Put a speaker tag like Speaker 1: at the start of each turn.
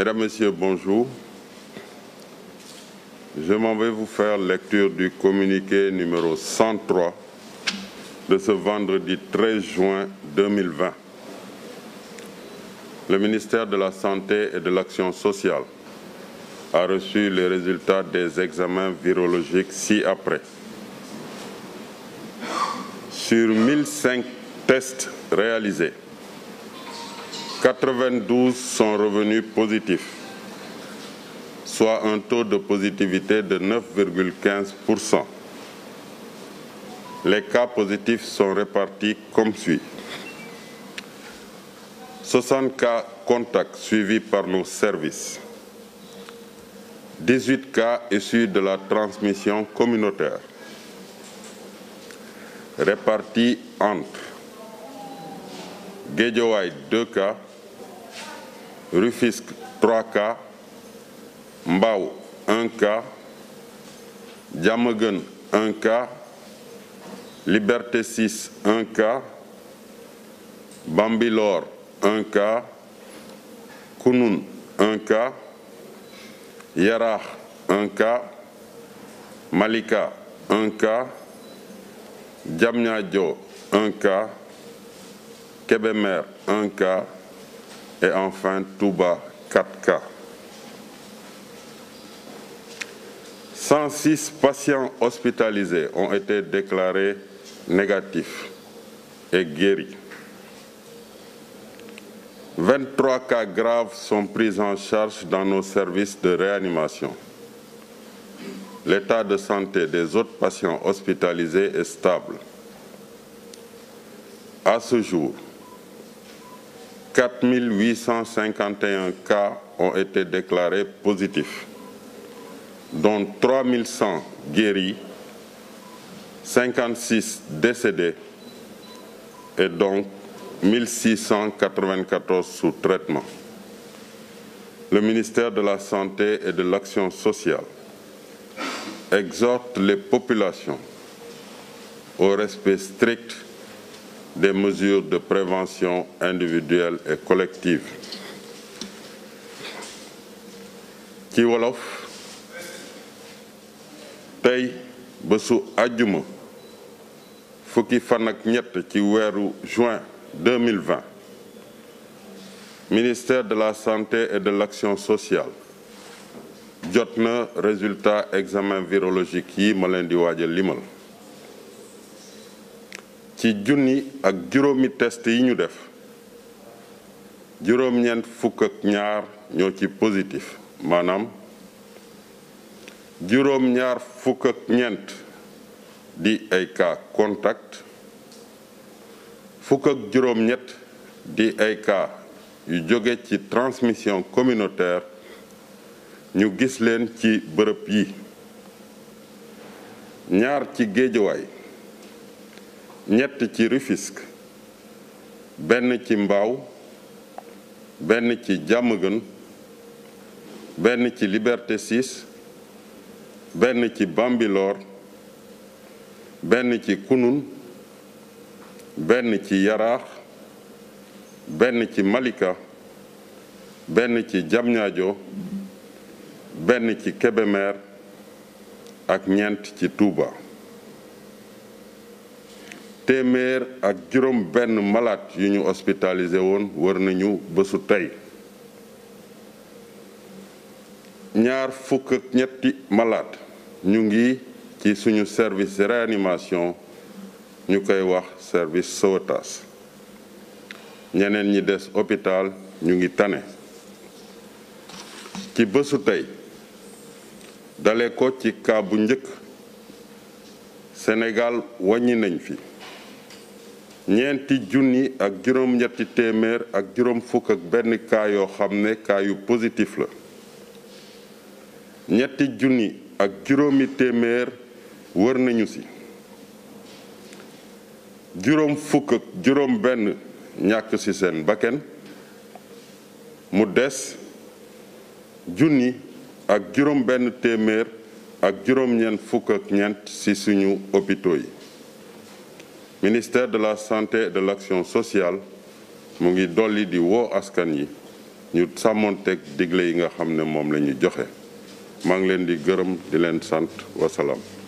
Speaker 1: Mesdames, Messieurs, bonjour. Je m'en vais vous faire lecture du communiqué numéro 103 de ce vendredi 13 juin 2020. Le ministère de la Santé et de l'Action sociale a reçu les résultats des examens virologiques ci-après. Sur 1005 tests réalisés, 92 sont revenus positifs, soit un taux de positivité de 9,15%. Les cas positifs sont répartis comme suit. 60 cas contacts suivis par nos services. 18 cas issus de la transmission communautaire, répartis entre Guédiouaï 2 cas, Rufisque 3 cas, Mbao 1 cas, Diamegun 1 cas, Liberté 6 1 cas, Bambilor 1 cas, Kounoun 1 cas, Yerah 1 cas, Malika 1 cas, Djamnyadjo 1 cas, Kebemer 1 cas, et enfin, bas, 4 cas. 106 patients hospitalisés ont été déclarés négatifs et guéris. 23 cas graves sont pris en charge dans nos services de réanimation. L'état de santé des autres patients hospitalisés est stable. À ce jour, 4 851 cas ont été déclarés positifs, dont 3100 guéris, 56 décédés et donc 1694 sous traitement. Le ministère de la Santé et de l'Action sociale exhorte les populations au respect strict des mesures de prévention individuelle et collective. ci wolof Besu Adjumo Fouki Fanak Kiweru, juin 2020 ministère de la santé et de l'action sociale Jotne, résultat examen virologique yi ma ci junni ak juróomi test yi ñu def juróom ñoo ci positif maanaam juróom di ay cas contact di ay cas yu jóge ci transmission communautaire ñu gis leen ci bërëb yi ñaar ci géejuwaay ñett ci Rufisque benn ci Mbao benn ci Diamaguène benn ci Liberté benn ci Bambilor benn ci Kounoune benn ci Yaraax benn ci Malika benn ci Diamniadio benn ci Kébémer ak ñeent ci Touba téeméer ak juróom benn malade yu ñu hospitalisé woon wër nañu bésu tey ñaar fukk ak ñetti malaat ñu ngi ci suñu service réanimation ñu koy wax service sauvetage ñeneen ñi des hôpital ñu ngi tane ci bésu tey dale ko ci cas bu njëkk Sénégal wàññi nañ fi ñeenti junni ak juróom-ñetti téeméer ak juróom fukk ak benn kaa yoo xam ne kaa positif la ñetti junni ak juróomi téeméer wër nañu ci juróom fukk ak juróom benn ñàkk ci seen bakken mu des junni ak juróom benn téeméer ak juróom ñeent fukk ak ñeent ci suñu hôpitaux yi ministère de la santé et de l'action sociale nous Dolly di sommes askan yi ñu sàmmoonteeg digle yi nga xam di